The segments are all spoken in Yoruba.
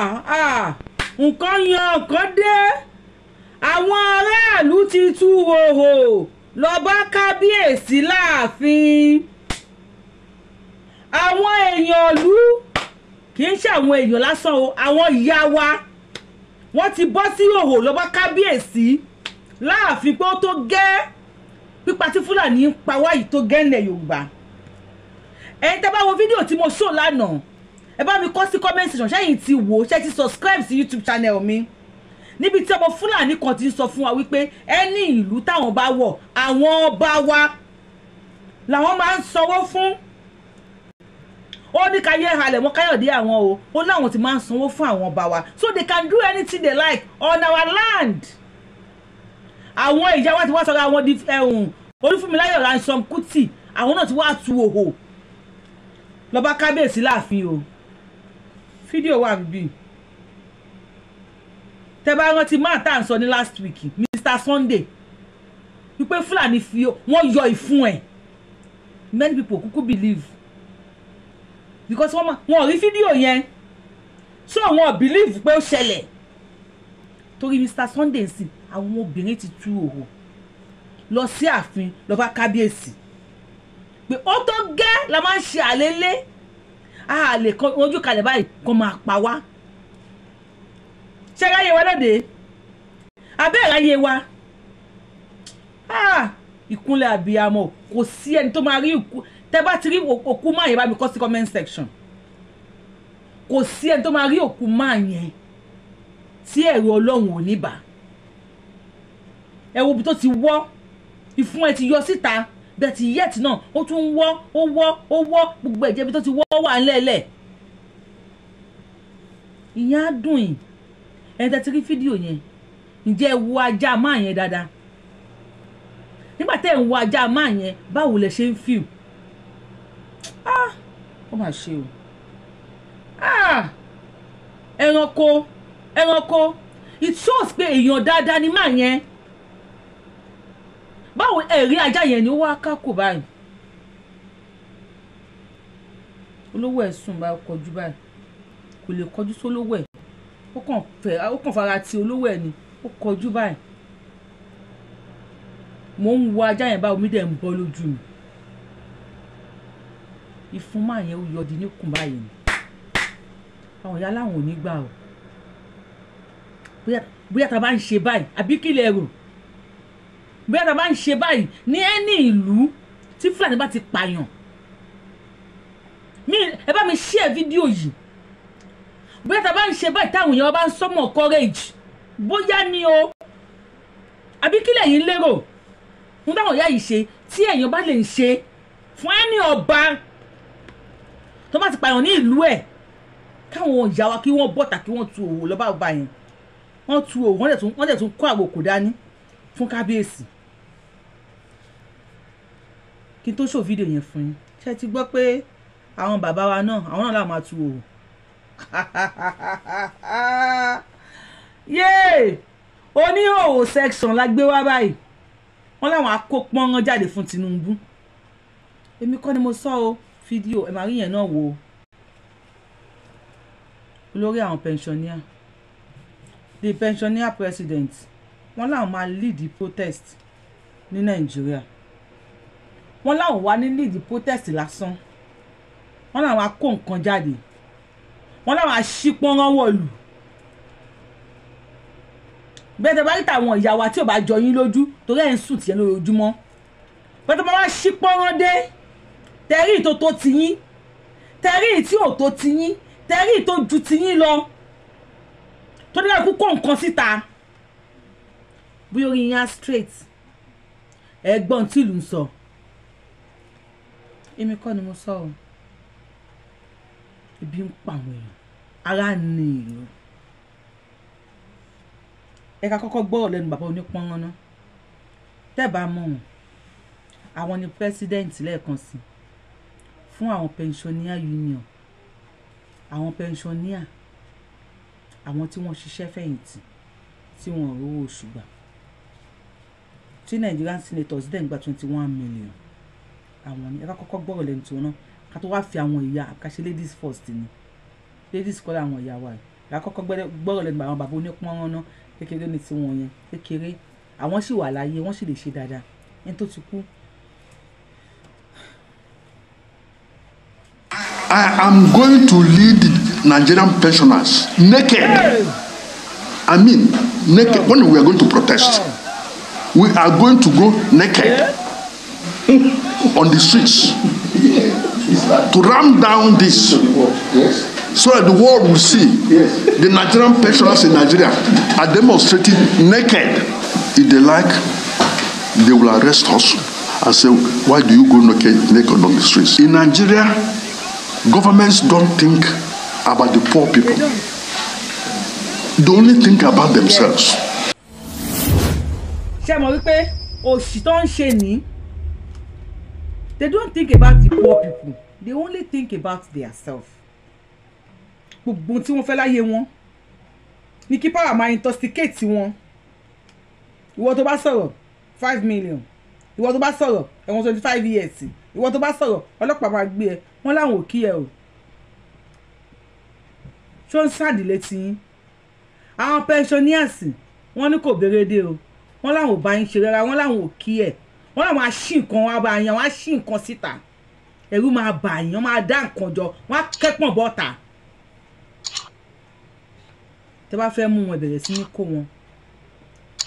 Ah, ah, nǹkan yan nǹkan dé àwọn aráàlú ti tú hòhò lọ bá kábíyèsí láàfin àwọn èèyàn ìlú kì í ṣe àwọn èèyàn lásán o àwọn ìyá wa wọ́n ti bọ́ sí hòhò lọ bá kábíyèsí láàfin pé ó tó gẹ́ pípa tí fúlàní ń pa wáyìí tó gẹ́ ńlẹ̀ yorùbá ẹ̀yin tẹ́ bá wo fídíò tí mo ṣò lánàá ẹ bá mi kọ sí comment section ṣẹ́yìn ti wò ó ti subscribe sí youtube channel mi níbi tí ọmọ fúlàní kan ti ń sọ fún wa wípé ẹni ìlú táwọn bá wọ̀ àwọn ọba wa làwọn máa ń sanwó fún ó ní ká yẹ halẹ̀ wọn káyọ̀dé àwọn o ó láwọn ti máa ń sanwó fún àwọn ọba wa so they can do anything they like on our land àwọn ìyá wa ti wá sọ̀rọ̀ àwọn ẹ̀hún olúfúnmiláyọ̀ ransom kuti àwọn náà ti wá tu òhò lọ́ba kábíyèsí láàfin o fídíò wà ń bì tẹ bá rántí máa tá à ń sọ ní last week Mr Sunday wípé Fúlàní fi wọ́n yọ ìfun ẹ̀ many people kúkú believe because wọ́n wọn ò rí fídíò yẹn so wọn believe pé ó ṣẹlẹ̀ torí Mr Sunday sì àwọn obìnrin ti tú òhò lọ sí ààfin lọ bá kábíyèsí pé ó tó gẹ́ la máa ń ṣe àlélé a lè kọ ojú kalẹ̀ báyìí kó máa pa wá ṣé ráyè wa lóde abẹ́ ráyè wa ìkúnlẹ̀ àbíyamọ kò sí ẹni tó máa rí ìkú tẹ bá ti rí òkú máa yẹn bá mi kọ́ sí comment section kò sí ẹni tó máa rí òkú máa yẹn tí ẹ̀rọ ọlọ́run ò ní bà ẹ wo tó ti wọ́ ìfun ẹ ti yọ síta. Si bẹ̀tì yẹt náà ó tún wọ́ ó wọ́ ó wọ́ gbogbo ẹ̀jẹ̀ bí tó ti wọ́ wà ńlẹ̀ẹ́lẹ̀ ìyẹn á dùn yìí ẹni tẹ́ ti rí fídíò yẹn ǹjẹ́ ẹ wo ajá máa yẹn dáadáa nígbà tẹ́ ẹ̀ ń wo ajá máa yẹn báwo lẹ ṣe ń fíw ah ó mà ṣe o ah ẹranko ẹranko it shows pé èèyàn dáadáa ni máa yẹn báwo ẹ̀rí ajá yẹn ni ó wá kákò báyìí olówó ẹ̀ sùn bá kọjú báyìí kò lè kọjú sólówó ẹ̀ ó kàn fẹ́ fara ti olówó ẹ̀ ni ó kọjú báyìí mo ń wo ajá yẹn báwo mi dẹ̀ ń bọ́ lójú mi ìfun máa yẹn ó yọdí níkùn báyìí ni àwọn ìyá láwọn ò ní gbà o bóyá tá bá ń ṣe báyìí àbí kí lè rò bí ọ̀dà bá ń ṣe báyìí ní ẹni ìlú tí fúlàní bá ti pààyàn ẹ bá mi share fídíò yìí bí ọ̀dà bá ń ṣe báyìí táwọn èèyàn bá ń sọmọ courage bóyá ni o àbí kílẹ̀ yìí ń lérò fún táwọn ìyá yìí ṣe tí èèyàn bá lè ń ṣe fún ẹni ọba tó bá ti pààyàn ní ìlú ẹ̀ káwọn ìyá wa kí wọ́n bọ́ta kí wọ́n tu òwò lọ́ba ọba yẹn wọ́n tu òwò wọ́n dẹ̀ tún kó àwòkù dání fún kábíyèsí kí n tó ṣò fídíò yẹn fún yín ṣe ti gbọ́ pé àwọn bàbá wa náà àwọn náà làwọn máa tu o yéè oníhòòhò section la gbé wá báyìí wọ́n láwọn akó pọ́nrán jáde fún Tinubu èmi kọ́ ni mo sọ o fídíò ẹ̀ máa rí yẹn náà wò ó olórí àwọn pensioner the pensioner president wọ́n láwọn máa lead the protest ní Nàìjíríà wọ́n láwọn wá ní lead protest lásán wọ́n láwọn akó nǹkan jáde wọ́n láwọn aṣípọ́nrán wọ̀lù bẹ́ẹ̀ tẹ́ bá rí tàwọn ìyàwó àti ọba jọ yín lójú torí ẹ̀ ń sùn tiẹ̀ lójoojúmọ́ bẹ́ẹ̀ tẹ́ bá wá ṣípọ́nrán dé tẹ̀rí tó tó ti yín tẹ̀rí tí ò tó ti yín lọ tó dé kó nǹkan síta bí orin yín á straight ẹ̀gbọ́n tìlù ń sọ. So èmi kọ́ ni mo sọ ọ́ ebi ń pa àwọn èèyàn ara ní ìlú ẹ ká kọ́kọ́ gbọ́rọ̀ lẹ́nu bàbá onípọ́nrán náà tẹ́ẹ̀bá mọ̀ wọ́n àwọn ni president lẹ́ẹ̀kan sí fún àwọn pensioner union àwọn pensioner àwọn tí wọ́n ṣiṣẹ́ fẹ̀yìntì tí wọ́n rówó oṣù gbà tí Nigerian senators dẹ̀ ń gba twenty one million àwọn ni ẹ ká kọ́kọ́ gbọ́rọ̀ lẹ́nu tó ná ká tó wá fi àwọn ìyá ká ladies first ni ladies kọ́ làwọn ìyá wa yìí ká kọ́kọ́ gbọ́rọ̀ lẹ́nu àwọn bàbá onípọ́nrán ná kékeré ní tiwọn yẹn kékeré àwọn sì wà láàyè wọ́n sì lè ṣe dáadáa ẹni tó ti kú. I am going to lead Nigerian pensioners naked. I mean, naked. When we are going to protest, we are going to go naked. Yeah. on the streets to ram down this so that the world will see the Nigerian pensioners in Nigeria are demonstrating naked. If they like, they will arrest us and say, Why do you go naked on the streets? In Nigeria, governments don't think about the poor people, they only think about themselves. ṣé mo wí pé òṣì tó ń ṣe nìí they don't think about the poor people they only think about their self gbogbo tí wọ́n fẹ́ láyé wọn ní kí power máa intoxicate wọn ìwọ tó bá sọ̀rọ̀ five million ìwọ tó bá sọ̀rọ̀ ẹ̀wọ̀n twenty five years ìwọ tó bá sọ̀rọ̀ ọlọ́pàá máa gbé ẹ wọ́n láwọn ò kí ẹ o ṣó ń ṣàdílé tiyín àwọn pensioners wọ́n ní kò bérédé o wọ́n láwọn ò bá yín ṣe rárá wọ́n láwọn ò kí ẹ̀ wọ́n àwọn aṣí nǹkan wọn bá yan wọ́n aṣí nǹkan síta ẹ̀rú máa bà yàn máa dá nǹkan jọ wọ́n á kẹ́pọ̀n bọ́ta tẹ́ bá fẹ́ mú wọn bẹ̀rẹ̀ sí ní kó wọn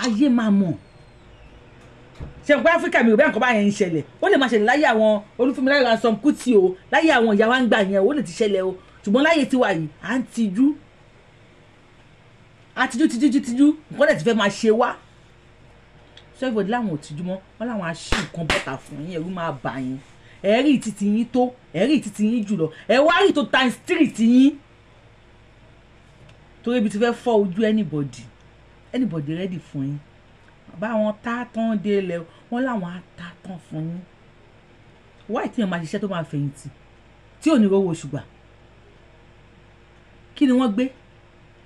ayé máa mọ̀ ṣe nǹkan áfíríkà mi ò bẹ́ẹ̀ nǹkan báyẹn ń ṣẹlẹ̀ ó lè máa ṣẹlẹ̀ láyé àwọn olúfúnmiláyọ̀ Ransome Kuti o láyé àwọn ìyá wa ń gbà yẹn ó lè ti ṣẹlẹ̀ o ṣùgbọ́n láyé tiwa yìí à ń tijú àtijú tijú tijú nǹkan dẹ̀ ti fẹ́ máa ṣe wá so everybody láwọn ò tíjú mọ́ wọ́n láwọn á ṣí nǹkan bọ́ta fún yín ẹ̀rú máa bà yín ẹ̀rí títí yín tó ẹ̀rí títí yín jùlọ ẹ̀ wá rí tó times three ti yín torí ibi tí fẹ́ fọ́ ojú anybody anybody ready fún yín báwọn tá tán dé lẹ wọ́n láwọn á tá tán fún yín wáyé tí èèyàn máa ṣiṣẹ́ tó máa fẹ̀yìntì tí ò ní rówó oṣù gbà kí ni wọ́n gbé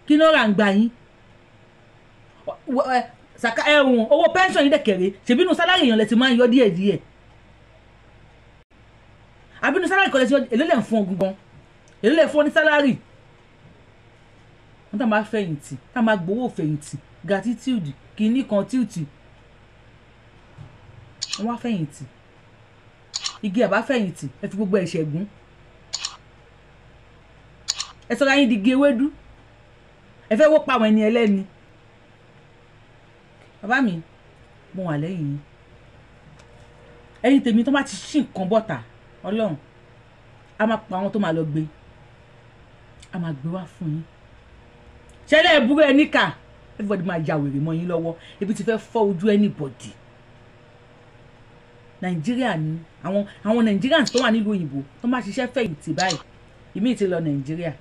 kí ni wọ́n rà ń gbà yín sàkà ẹ̀hún eh, owó pension yìí dẹ̀kẹ̀rẹ̀ ṣèbí inú sálárì èèyàn lẹ ti máa ń yọ díẹ̀ díẹ̀ àbí inú sálárì kọ̀ọ̀lẹ́sì èlé lẹ̀ ń fún ọ gangan èlé lẹ̀ fún ọ ní sálárì wọ́n tá máa fẹ̀yìntì tá máa gbowó fẹ̀yìntì gratitude kìíní kan tíùtì wọ́n wá fẹ̀yìntì igi àbáfẹ̀yìntì ẹ fi gbogbo ẹ̀ṣẹ̀ gún ẹ sọ́ra yín di igi ewédú ẹ fẹ́ wó pa àwọn ẹni ẹlẹ́ni bàbá mi mo wà lẹ́yìn yín ẹ̀yin tèmi tó bá ti ṣí nǹkan bọ́ta ọlọ́run a máa pa àwọn tó máa lọ gbé a máa gbé wá fún yín ṣẹlẹ̀ ìbúrò ẹ níkà everybody máa ya wèrè mọ́ yín lọ́wọ́ ebi ti fẹ́ fọ́ ojú anybody nàìjíríà ni àwọn àwọn nàìjíríàns tó wà nílùú òyìnbó tó máa ṣiṣẹ́ fẹ̀yìntì báyìí ìmí ti lọ nàìjíríà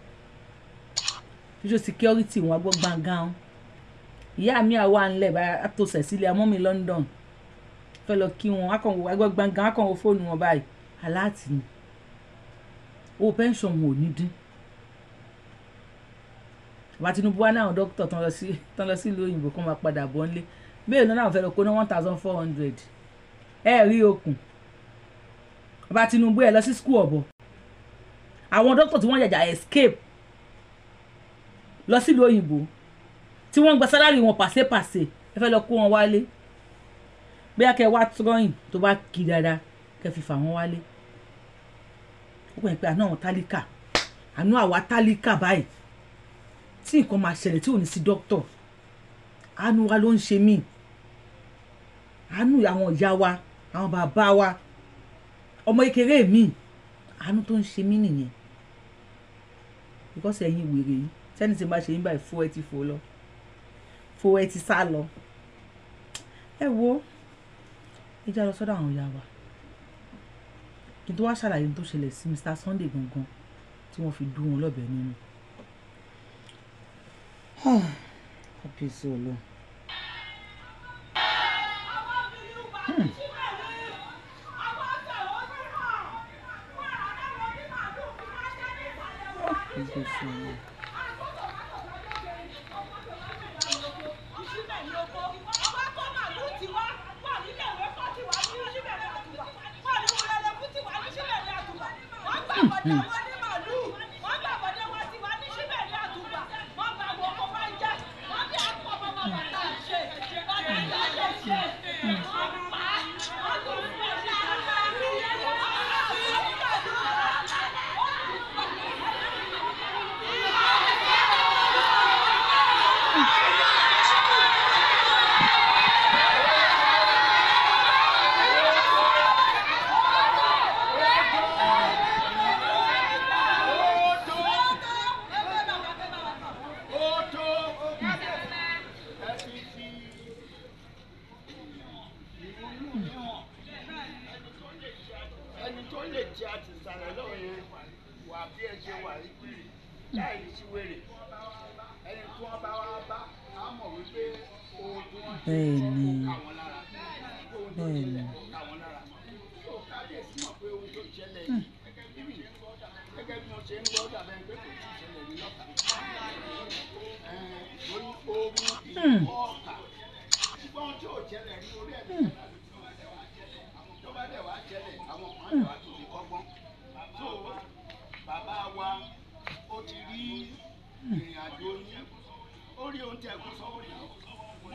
ṣíṣó security wọn agbọ́ gbàngàn ìyá mi àwa ńlẹ̀ bá a tó sẹ̀ sílẹ̀ ọmọ mi London fẹ́ lọ kí wọn akọ̀wò ẹgbẹ́ gbọ̀ngàn akọ̀wò fóònù wọn báyìí aláàtì ni owó pension wọn ò ní dín bàbá Tinubu wá náà dókítà tán lọ sí tán lọ sí ìlú òyìnbó kó máa padà bọ́ nílé bẹ́ẹ̀ náà fẹ́ lọ kó ná one thousand four hundred ẹ rí okùn bàbá Tinubu ẹ lọ sí school ọ̀bọ̀ àwọn dókítà tí wọ́n yàjà escape lọ sí ìlú òyìnbó tí wọ́n ń gba sálárì wọn pàṣẹ-pàṣẹ ẹ fẹ́ lọ kó wọn wálé bí akẹ́ wá trọ́yìn tó bá kí dáadáa kẹ́ fi fà wọ́n wálé ó pè é pé àná àwọn tálíkà àná àwa tálíkà báyìí tí nǹkan máa ṣẹlẹ̀ tí ò ní sí dókítọ̀ àánú wa ló ń ṣe mí àánú àwọn ìyá wa àwọn bàbá wa ọmọ kékeré mi àánú tó ń ṣe mí nìyẹn because ẹ̀yin wèrè yìí sẹ́ni tí n bá ṣe yín báyìí fún ẹ ti fò lọ fo ẹ ti sá lọ ẹ wo ẹ já lọ sọ́dọ̀ àwọn ìyá wa kí n tó wá ṣàlàyé tó ṣẹlẹ̀ sí Mr Sunday gangan tí wọ́n fi dún wọn lọ́bẹ̀ nínú. kábíyèsí ọlọ́run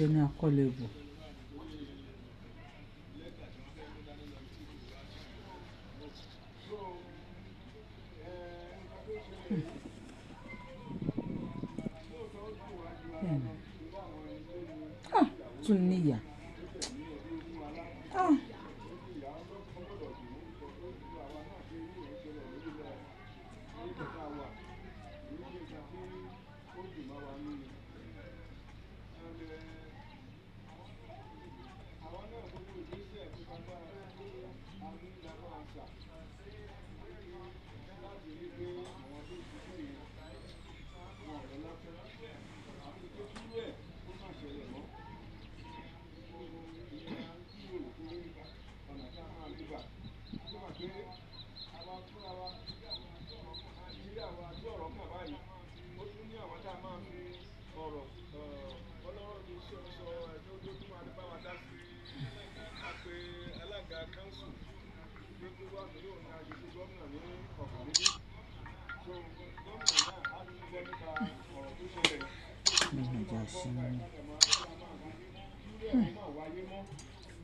Johnny Akọ́lẹ̀bọ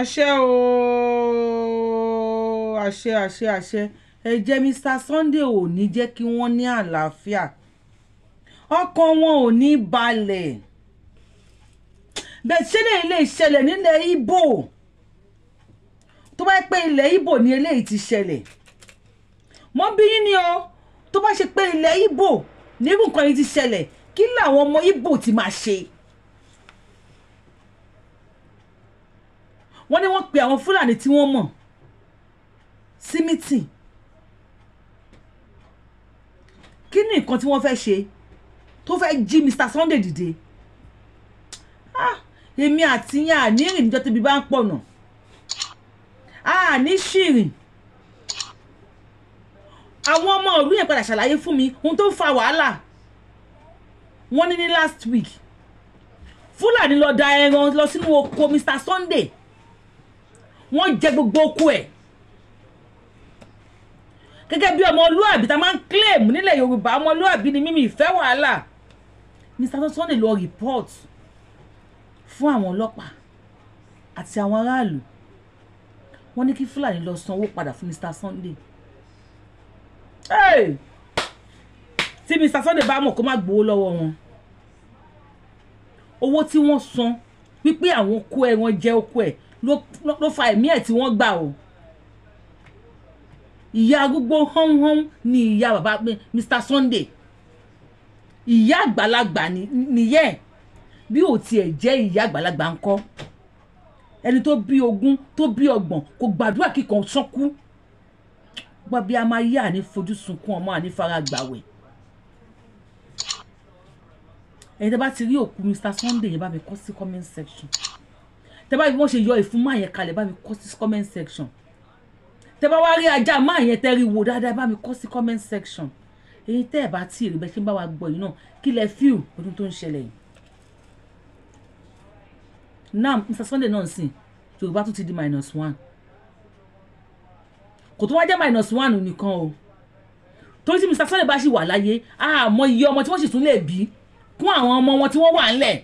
àṣẹ ooo àṣẹ àṣẹ àṣẹ ẹ jẹ́ Mr Sunday ò ní jẹ́ kí wọ́n ní àlàáfíà ọkàn wọn ò ní balẹ̀ bẹ́ẹ̀ ṣé lè lè ṣẹlẹ̀ nílẹ̀ Ìgbò tó bá pé ilẹ̀ Ìgbò ni eléyìí ti ṣẹlẹ̀ mo bí yín ni o tó bá ṣe pé ilẹ̀ Ìgbò nírú nǹkan yìí ti ṣẹlẹ̀ kí làwọn ọmọ Ìgbò ti máa ṣe. wọ́n ní wọ́n pe àwọn fúlàní tí wọ́n mọ̀ sí mítìn kí ni nǹkan tí wọ́n fẹ́ ṣe tó fẹ́ jí Mr Sunday dìde ah, èmi àti yín àní rìn níjọ́ tẹ́bi bá ń pọ̀nà àní ṣìrìn àwọn ọmọ ìlú yẹn padà ṣàlàyé fún mi ohun tó ń fa wàhálà wọ́n ní ní last week Fúlàní lọ da ẹran lọ sínú oko Mr Sunday wọ́n jẹ gbogbo oko ẹ̀ gẹ́gẹ́ bí ọmọlúàbí tá máa ń claim nílẹ̀ yorùbá ọmọlúàbí ni mímì ìfẹ́ wàhálà mr Sunny lọ report fún àwọn ọlọ́pàá àti àwọn aráàlú wọ́n ní kí fúlàní lọ sanwó padà fún mr Sunday hey! tí mr Sunday bá mọ̀ kó má gbowó lọ́wọ́ wọn owó tí wọ́n san wípé àwọn kó ẹran jẹ oko ẹ̀ ló fa ẹ̀mí ẹ̀ tí wọ́n gbà o ìyá gbogbo hánhán ni ìyá bàbá Mr Sunday ìyá àgbàlagbà nìyẹn bí ò tiẹ̀ jẹ́ ìyá àgbàlagbà ńkọ́ ẹni tó bí ogún tó bí ọgbọ̀n kò gbàdúrà kíkan sọ́kú gbọ́n bí a máa yí àní fojú sunkún ọmọ àní fara gbàwẹ̀ ẹni tó bá ti rí òkú Mr Sunday yẹn bá mi kọ sí comment section tẹ́ bá wọ́n ṣe yọ ìfun máa yẹn kalẹ̀ bá mi kọ sí comment section tẹ́ bá wá rí ajá máa yẹn tẹ́ rí wò dáadáa bá mi kọ sí comment section èyí tẹ́ ẹ̀ bá tí ì rí bẹ́ẹ̀ kí n bá wa gbọ́ yìí náà kí lẹ fíù ọdún tó ń ṣẹlẹ̀ yìí nam Mr Sunday náà sìn Yorùbá tún ti di minus one kò tó wá jẹ́ minus one nìkan o torí tí Mr Sunday bá ṣì wà láyé àmọ́ iye ọmọ tí wọ́n sì tún lè bí kún àwọn ọmọ wọn tí wọ́n wà ńlẹ̀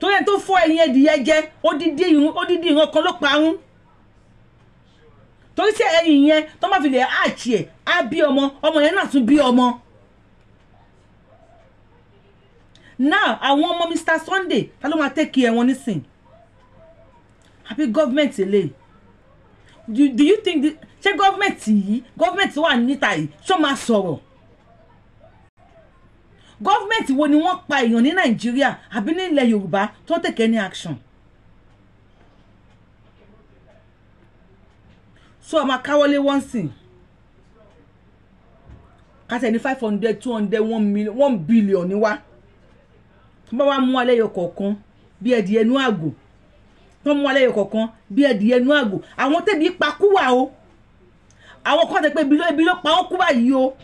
tó yẹ tó fọ́ ẹyin ẹdìyẹ jẹ odidi irun odidi irun kan ló parun torí sí ẹyin yẹn tó má fi lè àjì ẹ á bí ọmọ ọmọ yẹn náà tún bí ọmọ now àwọn ọmọ Mr Sunday ta ló máa tẹ́kì ẹ̀ wọn nísìn àbí gọ́ọ̀mẹ̀ntì lè do you think ṣé gọ́ọ̀mẹ̀ntì yìí gọ́ọ̀mẹ̀ntì wà níta yìí ṣó máa sọ̀rọ̀. Government wo ni wọ́n pa èèyàn ní nàìjíríà àbí ní ilẹ̀ yorùbá tó take any action. so ọmọ akáwọlé wọ́n sìn kásẹ̀ ní five hundred two hundred one million one billion ni wá tó bá wá mú alẹ́yọ kọ̀ọ̀kan bí ẹ̀dì ẹnu àgò tó mú alẹ́yọ kọ̀ọ̀kan bí ẹ̀dì ẹnu àgò àwọn tẹ̀bí pa kúwà o àwọn kan tẹ̀ pé ibi ló pa ó kúwà yìí o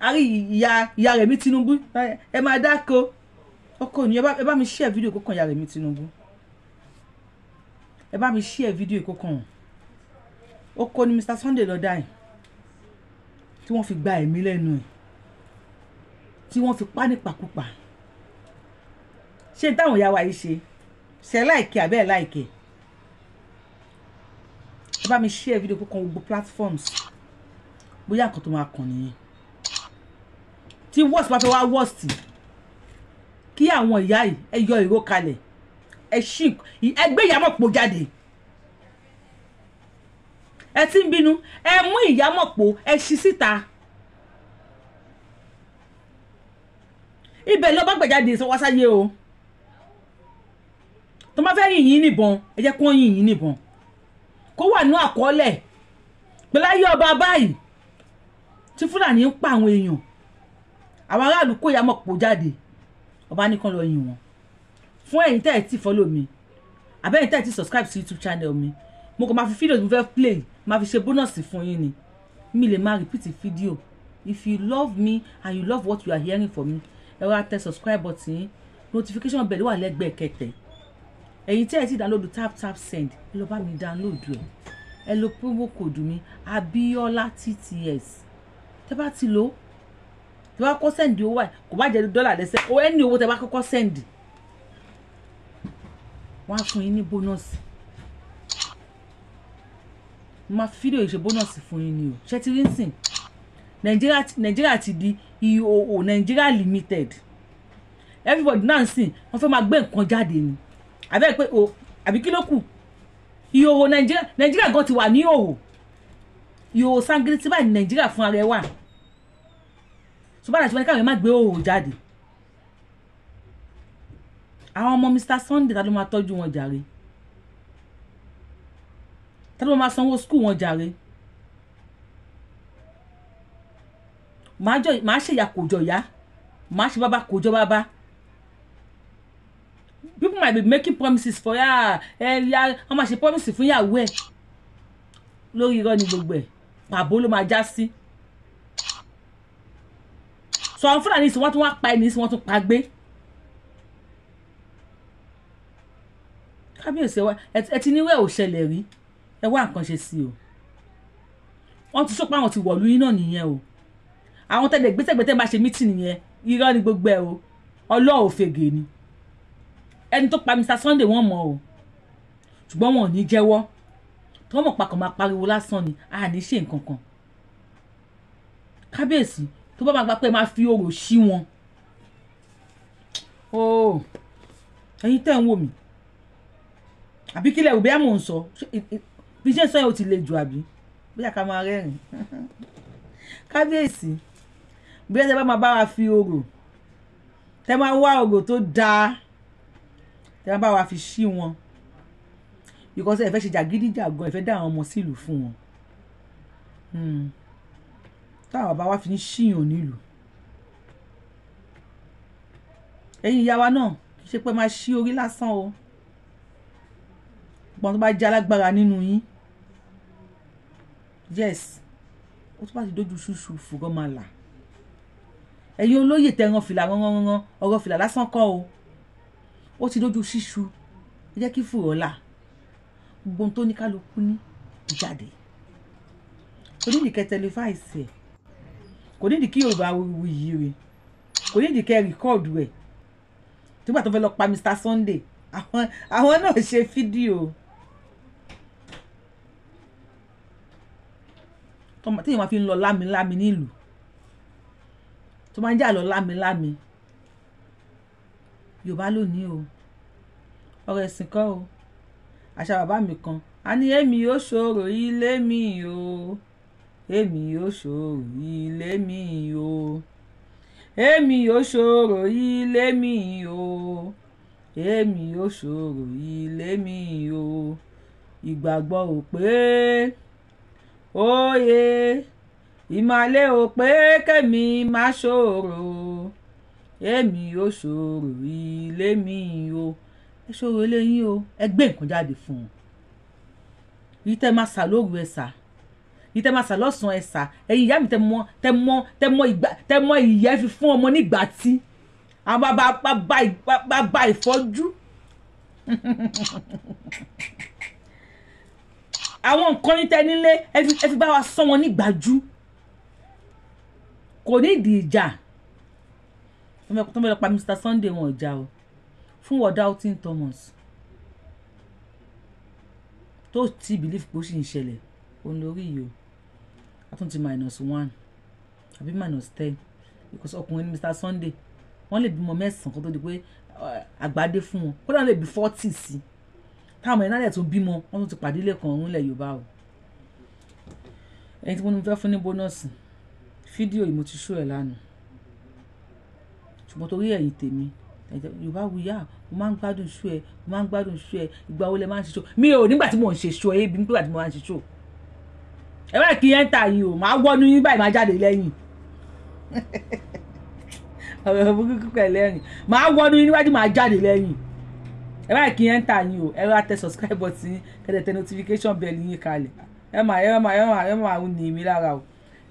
àrí ìyá ìyá Rẹ̀mí Tinubu ẹ máa dáko ọkọ ni ẹ bá mi ṣí ẹ fídíò kọkàn ìyá Rẹ̀mí Tinubu ẹ bá mi ṣí ẹ fídíò kọkàn ó kó ni Mr Sunday lọ dá ẹ tí wọ́n fi gba ẹ̀mí lẹ́nu ẹ̀ tí wọ́n fi pa nípakúpa ṣé táwọn ìyá wa yìí ṣe ṣe láìkè àbẹ́ ẹ̀ láìkè ẹ bá mi ṣí ẹ fídíò kọkàn gbogbo platforms bóyá nǹkan tó máa kàn nìyẹn tí worst bá fẹ́ wá worst kí àwọn ìyá yìí ẹ yọ ìró kalẹ̀ ẹ ṣì ẹ gbé ìyá mọ̀pọ̀ jáde ẹ ti ń bínú ẹ mú ìyá mọ̀pọ̀ ẹ ṣí síta ibẹ̀ lọ gbẹ̀jáde wá sáyé o tó bá fẹ́ yìn yín nìbọn ẹ jẹ́ kó yìn yín nìbọn kó wà ní àkọọ́lẹ̀ pẹ̀láyé ọba báyìí tí fúlàní ń pa àwọn èèyàn àwọn aráàlú kó ìyá mọ̀pọ̀ jáde ọba ní kán lọ yìn wọ́n fún ẹ̀yin tẹ́ ẹ̀ tí follow mi àbẹ́yìn tẹ́ ẹ̀ tí subscribe sí youtube channel mi mo kàn máa fi fídíò tí fẹ́ play máa fi ṣe bónọ́ọ̀sì fún yín ni mi lè máa repeat fídíò if you love me and you love what you are hearing from me ẹ wá tẹ subscribe button notification bell wà lẹ́gbẹ̀ẹ́ kẹtẹ ẹ̀yin tẹ́ ẹ̀ tí download tap tap send ẹ lọ bá mi download ẹ̀ ẹ lo promo code mi abiola tts tẹ́ bá ti lò ó tí wọ́n kọ́ sẹ́ndì owó báyìí kò bá jẹ́ dọ́là lẹ́sẹ̀ o ẹni owó tẹ bá kọ́kọ́ sẹ́ndì wọ́n á fún yín ní bónọ́ọ̀sì mo máa fi fídíò yìí ṣe bónọ́ọ̀sì fún yín ni o ṣé ti nàìjíríà ti di ioo e nàìjíríà limited everybody náà sìn wọ́n fẹ́ máa gbé nǹkan jáde ni àbẹ́ pé o àbí kí ló kù ioo e nàìjíríà nàìjíríà gan ti wà ní òwò e ioo sangiriti báyìí nàìjíríà fún ara ẹ wà ṣùgbọ́n àti wọn káwé má gbé òòrùn jáde àwọn ọmọ Mr Sunday ta ló máa tọ́jú wọn jàre ta ló máa sanwó skul wọn jàre màá ṣèyà kòjọ yá màá ṣe bàbá kòjọ bàbá people might be making promises for ya ẹ ya wọn máa ṣe promises fún yàwó ẹ lórí irọ́ ni gbogbo ẹ̀ pàbó ló máa já sí. Si so àwọn fúlàní sì wọ́n tún wá pa ẹni sí wọ́n tún pa gbé. kábíyèsí ẹ wá ẹ ti níwẹ̀ ò ṣẹlẹ̀ rí ẹ wá nǹkan ṣe sí o wọ́n tún sọpọ àwọn ti wọ̀lú yín nìyẹn o àwọn tẹlẹ gbẹsẹgbẹsẹ máa ṣe mítì nìyẹn irọ́ ni gbogbo ẹ o ọlọ́ọ̀ fègè ni ẹni tó pa Mr Sunday wọ́n mọ̀ o ṣùgbọ́n wọn ò ní jẹ́wọ́ tí wọ́n mọ̀ pa kàn máa pariwo lásán ni a ní ṣe nǹkan kan kábíyèsí tó bá máa gba pé máa fi orò sí wọn ooo oh, ẹ̀yin tẹ́ ń wò mí àbí kílẹ̀ òbí àmọ̀ ń sọ bí ṣe ń sọ yẹn ó ti le jù àbí bí àká máa rẹ́rìn kábíyèsí bí ẹ ṣe bá máa bá wa fi orò tẹ máa wá orò tó dáa tẹ máa bá wa fi sí wọn because ẹ fẹ́ ṣe jàgídíjàgan ẹ fẹ́ dá àwọn ọmọ sílùú fún wọn. Hmm táwọn bàbá wa fi ń ṣìyàn nílùú ẹ̀yin ìyá wa náà kì í ṣe pé máa ṣí orí lásán o gbọ́n tó bá jẹ́ alágbára nínú yín yes ó tún bá ti dójú ṣùṣù fùgọ́ máa là ẹ̀yin olóyè tẹran fìlà ránranran ọ̀rọ̀ fìlà lásán kọ́ o ó ti dójú ṣíṣu ẹ jẹ́ kí fùrọ̀ là gbogbo ohun tó ní kálukú ní jáde onídìí kẹtẹlifáìsì ẹ̀ kò nídìí kí yorùbá wíwí yìí rè kò nídìí kẹ́ rìkọ́ọ̀dù ẹ̀ nígbà tó fẹ́ lọ pa Mr Sunday àwọn àwọn náà ṣe fídíò téèyàn máa fi ń lọ lámilámi nílùú tó máa ń jà lọ lámilámi yorùbá lónìí o ọ̀rọ̀ ẹ̀sìn kọ́ o àṣà bàbá mi kan a ní èmi yóò ṣòro ilé mi o èmi ò ṣòro ilé mi o èmi ò ṣòro ilé mi o èmi ò ṣòro ilé mi o ìgbàgbọ́ ò pé òye ìmàlẹ́ ò pé kẹ́mi má ṣòro èmi ò ṣòro ilé mi o ẹ ṣòro ilé yín o ẹ gbé nǹkan jáde fún un yìí tẹ́ máa sà lóru ẹ̀ sà yìí tẹ máa sà lọ́sàn-án ẹ̀ sà ẹ̀yin ìyá mi tẹ mọ tẹ mọ tẹ mọ ìgbà tẹ mọ ìyẹ́ fi fún ọmọ nígbà tí àwọn bàbá ìfọ́jú àwọn nǹkan ní tẹnilé ẹ fi bá wa sọ wọn nígbàjú kò ní ìdí ìjà tó ń bẹ lọ pa Mr Sunday wọn ìjà o fún wọdà Alton Thomas tó ti bìlífù pé ó sì ń ṣẹlẹ̀ òun lórí yìí o a tún ti minus one àbí minus ten because ọkùnrin ní Mr Sunday wọ́n lè bímọ mẹ́sàn-án kó tó di pé eh, àgbàdé fún wọn kódà wọ́n lè bí forty sí táwọn ẹ̀rọ náà tún bímọ wọ́n tún ti pàdé lẹ́ẹ̀kan ọ̀run ilẹ̀ Yorùbá o ẹni tí mo ní fẹ́ fún ní bónọ́ọ̀sì fídíò yìí mo ti ṣó ẹ̀ lánàá ṣùgbọ́n torí ẹ̀yìn tèmi yorùbá wuyà ah, mo máa ń gbádùn ṣó ẹ mo máa ń gbádùn ṣó ẹ ìgbà wo lẹ máa ń ṣe ṣó mi ò nígbà tí mò ń ṣe ṣó ẹ ebi nígbà tí mo máa ń ṣe ṣó ẹ má kí ẹ́ńtà yìí o máa wọ́nú yín báyìí máa jáde lẹ́yìn ọ̀rọ̀ burúkú pẹ̀lẹ́rìn máa wọ́nú yín níwájú máa jáde lẹ́yìn ẹ má kí ẹ́ńtà yìí o ẹ wá tẹ subscribe button yín kẹ́tẹ̀ tẹ notification bell yín kalẹ̀ ẹ má ẹ má ẹ má ẹ má àwọn ní mi lára o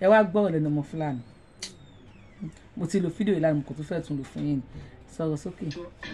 ẹ wá gbọ́ ọ̀rẹ́ ní ọmọ fúlàní mo ti lo fídíò ìlànà kò tó fẹ́ tún lò fún yín ni.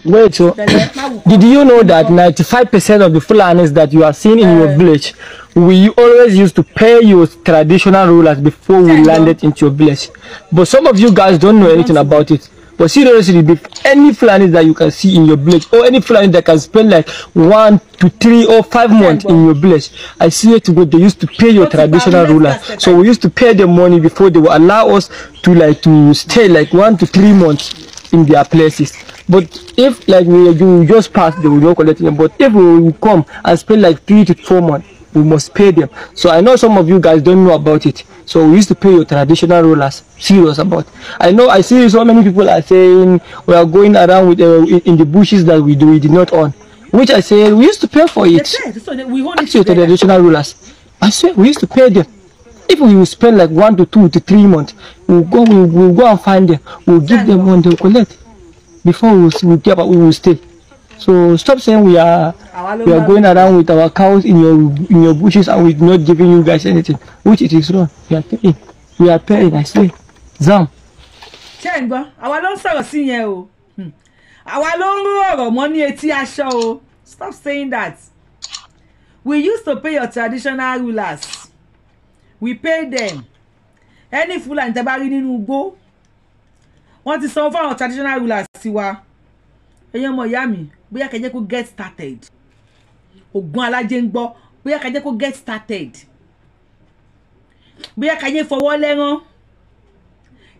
Wait, so did you know that 95% of the Fulanis that you are seeing in your village, we always used to pay your traditional rulers before we landed into your village. But some of you guys don't know anything about it. But seriously, if any Fulani that you can see in your village, or any Fulani that can spend like one to three or five months in your village, I see to go, they used to pay your traditional ruler. So we used to pay the money before they would allow us to like to stay like one to three months in their places. But if like we you just pass, they will not collect them. But if we come and spend like three to four months, we must pay them. So I know some of you guys don't know about it. So we used to pay your traditional rulers. Serious about. I know I see so many people are saying we are going around with uh, in the bushes that we do we did not own, which I say we used to pay for it. That's it. So we hold it traditional rulers. I said we used to pay them. if we will spend like one to two to three months we'll go we will we'll go and find them we'll give them one they collect before we will, we'll get back we will stay so stop saying we are we are going around with our cows in your in your bushes and we're not giving you guys anything which it is wrong we are paying we are paying i say zam. ṣé ẹ gbọ́ àwa ló ń sọ̀rọ̀ sí yẹn o hmm. àwa ló ń stop saying that we used to pay your traditional rulers we pay them any Fulani tẹ́ bá rí nínú igbó wọ́n ti sanwó fáwọn traditional rulers sí wa ẹ̀yin ọmọ ìyá mi bóyá kẹjẹ́ kó get started ògùn alájẹ ń gbọ́ bóyá kẹjẹ́ kó get started bóyá kẹjẹ́ fọwọ́ lẹ́rán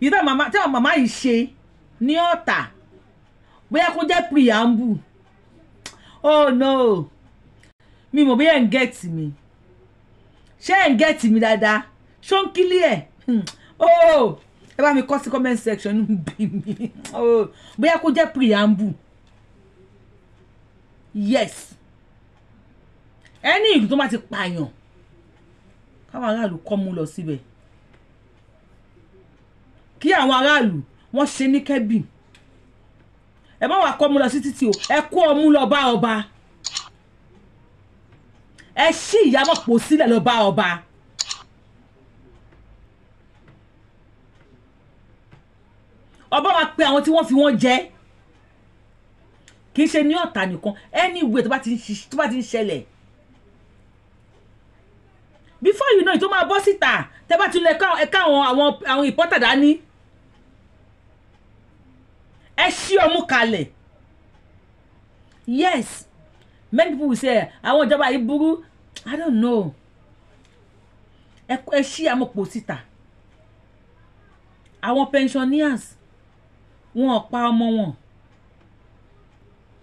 yìí tí àwọn màmá yìí ṣe ní ọ̀tà bóyá kó jẹ́ preamble oh no mi mọ̀ bóyá ń get me ṣé ẹ̀ ń gẹ̀tì mi dáadáa ṣó ń kílí ẹ̀ hmm. oh ẹ bá mi kọ́ sí comment section bí mi oh bóyá kó jẹ́ preamble yes ẹni ìlú tó má ti pààyàn káwọn aráàlú kọ́ mú lọ síbẹ̀ kí àwọn aráàlú wọ́n ṣe ní kẹ́bì ẹ bá wà kọ́ mú lọ sí títì o ẹ kó ọmú lọ bá ọba ẹ ṣí ìyábọ̀ pò sílẹ̀ lọ bá ọba. ọba máa pe àwọn tí wọ́n fi wọ́n jẹ kì í ṣe ní ọ̀tà nìkan ẹni ìwé tó bá ti ń ṣẹlẹ̀ before you know it ó máa bọ́ síta tẹ́ bá tún lè ká àwọn àwọn ìpọ́tà dání ẹ ṣí ọmú kalẹ̀ yes many people will say àwọn ìjọba yìí burú i don't know ẹ ṣí amọ̀pọ̀ síta àwọn pensioners wọn ò pa ọmọ wọn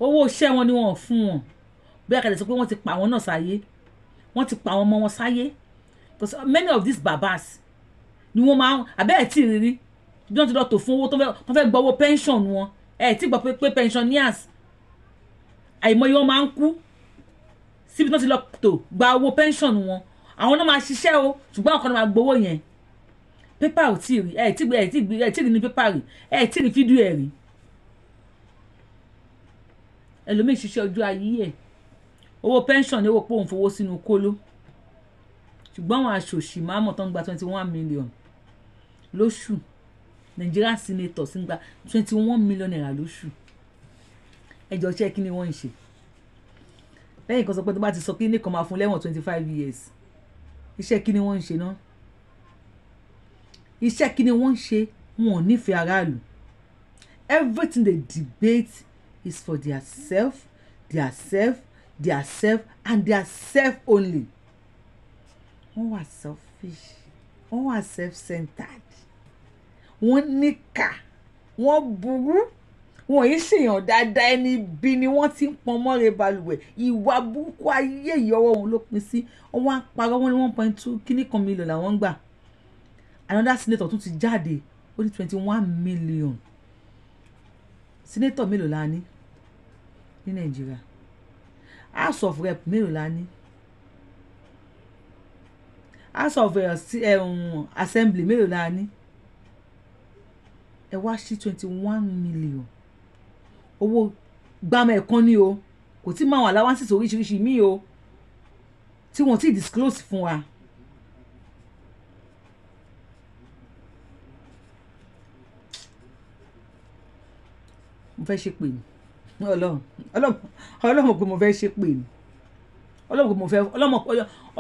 owó iṣẹ́ wọn ni wọn ò fún wọn bí akadé sọ pé wọ́n ti pa àwọn náà sáyé wọ́n ti pa àwọn ọmọ wọn sáyé because many of these babas ni wọ́n máa abẹ́ ẹ̀ tí ì rírí bí wọ́n ti lọ tò fún owó tó fẹ́ gbọ́ owó pension wọn ẹ̀ tí gbọ́ pé pensioners àìmọye wọn máa ń kú síbi tí wọ́n ti lọ tó gba owó pension wọn àwọn náà máa ṣiṣẹ́ o ṣùgbọ́n ọ̀kan náà máa gbowó yẹn pépà ò tí ì rí ẹ̀ tí ẹ̀ tí ẹ̀ tí ì rí ní pépà rí ẹ̀ tí ì rí fídíò ẹ̀ rí ẹlòmíì ṣiṣẹ́ ọjọ́ ayé ẹ̀ owó pension ni owó pé òun fowó sínú kóló ṣùgbọ́n àwọn aṣòṣì máa mọ̀ tó ń gba twenty one million lóṣù Nigerian senators ń gba twenty one million naira lóṣù ẹjọ́ ṣé kí ni wọ́n ń ṣe lẹ́yìn kan sọ pé tó bá ti sọ kí nìkan máa fún lẹ́wọ̀n twenty five years iṣẹ́ kí ni wọ́n ń ṣe náà iṣẹ́ kí ni wọ́n ń ṣe wọn ò nífẹ̀ẹ́ aráàlú everything they debate is for their self their self their self and their self only wọ́n wà selfish wọ́n wà self-centered wọ́n níkà wọ́n burú wọn yìí ṣèyàn dáadáa ẹni bí ni wọ́n ti ń pọn mọ́rẹ́ balùwẹ̀ ìwà burúkú ayé ìyọwọ́ wọn ló pin sí wọ́n á parọ́ wọn ní one point two kíní kan mílíọ̀nù làwọn ń gbà another senator tún ti jáde ó ní twenty one million senator mélòó la ní ní nàìjíríà house of rep mélòó la ní house of uh, um, assembly mélòó la ní ẹ wá sí twenty one million owó gbámọ̀ ẹ̀kan ni o kò tí máa wọn allowances oríṣiríṣi míì o tí wọn ti disclose fún wa. mo fẹ́ ṣe pè ní ọlọ́run ọlọ́run pé mo fẹ́ ṣe pè ní ọlọ́run pé mo fẹ́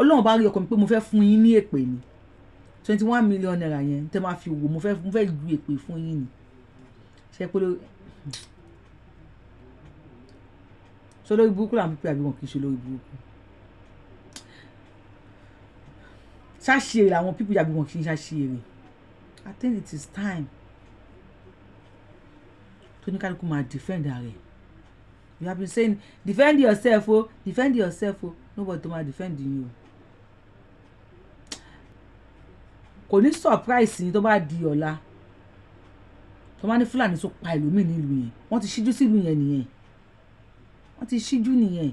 ọlọ́run bá rí ọkọ mi pé mo fẹ́ fún yín ní èpè ní twenty one million naira yẹn tẹ́ máa fi wò mo fẹ́ ju èpè fún yín ní ṣe pé lórí. So olórí burúkú làwọn pípé àbí wọn kì í ṣe olórí burúkú ṣáṣìírí làwọn pípé àbí wọn kì í ṣáṣìírí I think it is time tóníkálukú máa defend ara ẹ̀ you have been saying defend yourself o oh, defend yourself o oh. nobody to máa defend you kò ní surprise yín tó bá di ọ̀la tó bá ní fúlàní tó pa ìlú mi nílùú yẹn wọ́n ti ṣíjú sílùú yẹn nìyẹn wọ́n ti ṣíjú nìyẹn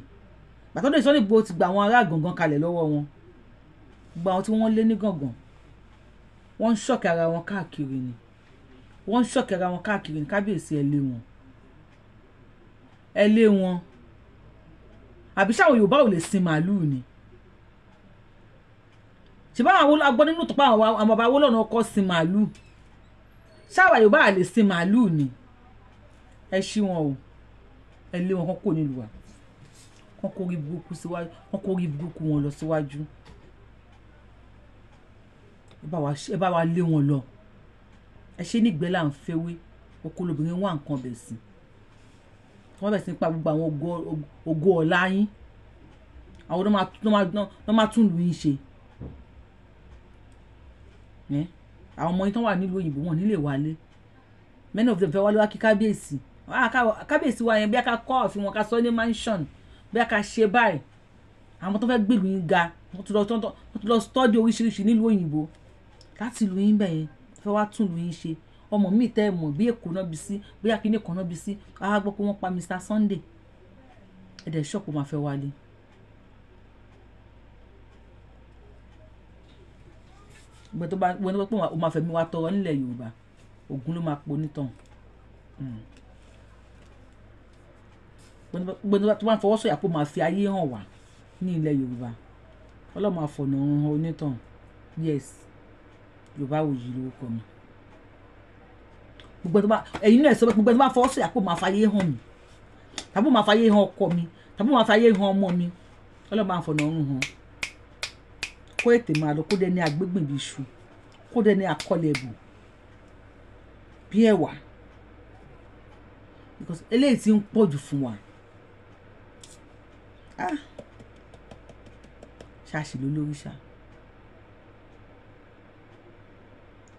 gbàtọ́dọ̀ ìsọ́nì gbogbo ti gba àwọn ará gàngàn kalẹ̀ lọ́wọ́ wọn gba àwọn tí wọ́n lé ní gàngàn wọ́n ń ṣọ̀kì ara wọn káàkiri ni wọ́n ń ṣọ̀kì ara wọn káàkiri ni kábíyèsí ẹ lé wọn ẹ lé wọn àbí ṣáwọn Yorùbá ò lè sin màálùú ni ṣùgbọ́n àwọn agbọ́n nínú tọ́pọ̀ àwọn bàbá Awólọ́wọ̀ náà kọ́ sin màálùú ṣáwọn Yorùbá à lè sin màálùú ni ẹ ṣí wọn o ẹ lé wọn kán kò nílùú wa kán kórí burúkú síwájú kán kórí burúkú wọn lọ síwájú ẹ bá wa lé wọn lọ ẹ ṣe nígbẹ́ là ń fẹ́wé oko lobìnrin wà nǹkan bẹ̀ sí wọ́n bẹ̀ sí pa gbogbo àwọn ògo ọ̀la yín àwọn tó máa tún lù yín ṣe àwọn ọmọ yín tó wà nílùú òyìnbó wọn nílé wálé many of them fẹ́ wálé wá kí kábíyèsí Ah, kábíyèsí wa yẹn bí a ká kọ́ ọ̀fin wọn ká sọ ní mansion bí a ká ṣe báyìí àwọn tó fẹ́ gbìlú yín ga wọ́n ti lọ wọ́n ti lọ stọ́dí oríṣiríṣi nílùú òyìnbó láti ìlú yín bẹ̀yẹn fẹ́ wá tún ìlú yín ṣe ọmọ mi tẹ́ ẹ mọ̀ bí èkó náà bí sí bóyá kí ní kan náà bí sí wàá gbọ́ pé wọ́n pa Mr Sunday ẹ̀dẹ̀ ṣọ́ọ̀pù máa fẹ́ wálé. ìgbà tó bá wọ́n ní wọ́n pé wọ́n máa fẹ̀mí wa tọrọ nílẹ̀ Yorùbá Ògún ló máa pọ̀ onítàn. Hmm gbẹ̀dọ̀ tó bá ń fọwọ́ sọ̀yà kó máa fi ayé hàn wá ní ilẹ̀ yorùbá ọlọ́mọ àfọ̀nà ọ̀hún onítàn yes yorùbá òyì lórúkọ mi gbogbo ẹ̀dọ́ bá ẹ̀yin náà sọ pé gbogbo ẹ̀dọ́ bá fọwọ́ sọ̀yà kó máa fayé hàn mi tàbí máa fayé hàn ọkọ mi tàbí máa fayé hàn ọmọ mi ọlọ́mọ àfọ̀nà ọ̀hún hàn kó ètè máa lọ kó dẹni agbégbìn bíi iṣu kó dẹni akọlẹ̀ ẹ̀bù bí ẹ̀wà because eléyìí ti ń pọ̀jù fún wa ah ṣáàṣì ló lórí ṣá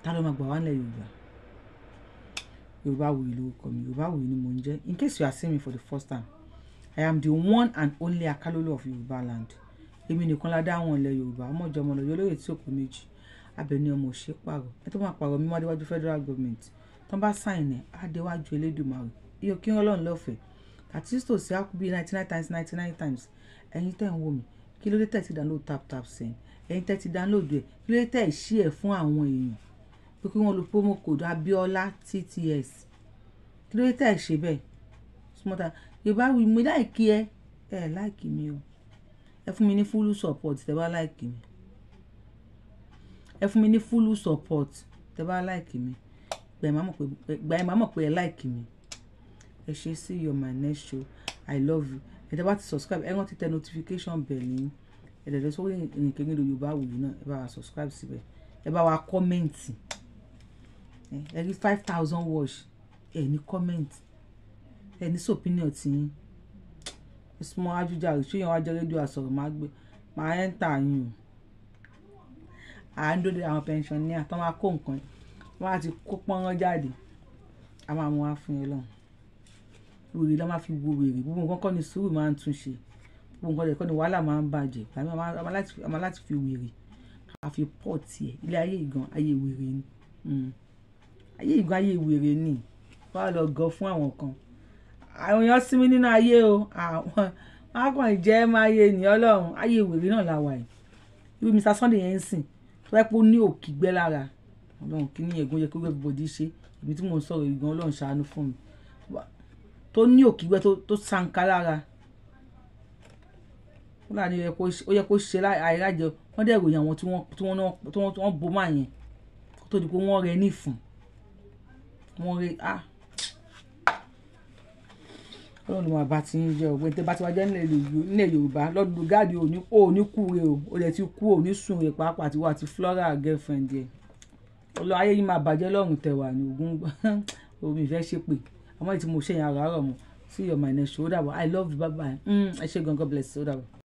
ta ló máa gbà wá lẹ̀ yorùbá yorùbá wuyì lórúkọ mi yorùbá wuyì ni mò ń jẹ́ in case you are seeing me for the first time i am the one and only akalolo of yorùbá land èmi nìkan la dá àwọn ilẹ̀ yorùbá ọmọọjọ́ ọmọ lọ́yọ́ olóyè tí òkú méjì abẹni ọmọ òṣè pààrọ̀ ẹ tó máa pààrọ̀ mímú adéwájú federal government tó ń bá sáìn ẹ̀ adéwájú elédùnmáwò iye kí ọlọ́run lọ́fẹ̀ẹ́ thirty six to sí àkú ninety nine times ninety nine times ẹ̀yin tẹ̀ ń wò mí kí ló dé tẹ̀ ti download tap tap send ẹ̀yin tẹ̀ ti download ẹ̀ kí ló dé tẹ̀ ṣí ẹ̀ fún àwọn èèyàn pé kí wọ́n lo promo code abiola tts kí ló dé tẹ̀ ṣe bẹ́ẹ̀ smarta yorùbá wí mi láìkí ẹ ẹ láìkí mi o ẹ fún mi ní fúlù support tẹ bá láìkí mi ẹ fún mi ní fúlù support tẹ bá láìkí mi gbà ẹ má mọ̀ pé ẹ láìkí mi ẹ ṣe see you on my next show i love you ẹ tẹ́ bá ti subscribe ẹ rántí tẹ notification bell ní ẹ dẹ̀ lọ sórí ìrìnkèrè ìlú yorùbá wòye náà ẹ bá wa subscribe síbẹ̀ ẹ bá wa comment. ẹ rí five thousand watch ẹ ní comment. ẹ ní sòpínìọ̀ tí yín ìsúnmọ́ ajújà ìṣòyàn wájọ rédíò àsọ̀rọ̀ máa gbé máa ẹ̀ ń tà yín o à ń dóde àwọn pensioner tó máa kó nǹkan wọn á ti kó pọ́nrán jáde a máa mú wèrè la máa fi wo wèrè gbogbo nǹkan kọ́ ni sùúrù máa ń tún ṣe gbogbo nǹkan kọ́ ni wàhálà máa ń bàjẹ́ àmì àmà láti fi wèrè àfi pọ̀ tiẹ̀ ilé ayé ìgan ayé wèrè ni hmm. ayé ìgan ayé wèrè ni wàá lọ gan fún àwọn kan àwọn èèyàn sinmi nínú ayé o àwọn akọ̀yìn jẹ́ máa yé ènìyàn ọlọ́run ayé wèrè náà la wà yìí ibi Mr Sunday yẹn ń sìn tó yẹ pé ó ní òkìgbẹ́ lára ọlọ́run kí ni ẹ̀gún yẹ kó gbẹ́ bòdì ṣe èmi tí mò ń sọ̀rọ̀ ìgbọ̀n ọlọ́run ṣàánú fún mi tó ní òkígbẹ́ tó sànká lára fúlàní ó yẹ kó ṣe àìrájẹ wọ́n dẹ̀ ròyìn àwọn tí wọ́n bó máa yẹn kó tó di pé wọ́n rẹ nífun wọ́n rẹ á ah. ọlọ́run wọn àbá ti ń jẹ ọ̀gbìn tẹ́ bá ti wá jẹ́ nílẹ̀ yorùbá lọ́dún gáàdì òní òní o ó ti kú òní sùn re pàápàá àti wọ́n àti flora girlfriend yẹ ọlọ́ ayé yìí máa bàjẹ́ lọ́rùn tẹ̀wà ní ogun omi ìfẹ́ ṣépè ọmọ yìí tí mo ṣe yẹn àràárọ̀ mu see you on my next ó dàbọ̀ i love you bye bye ẹ ṣé gan god bless you ó dàbọ̀.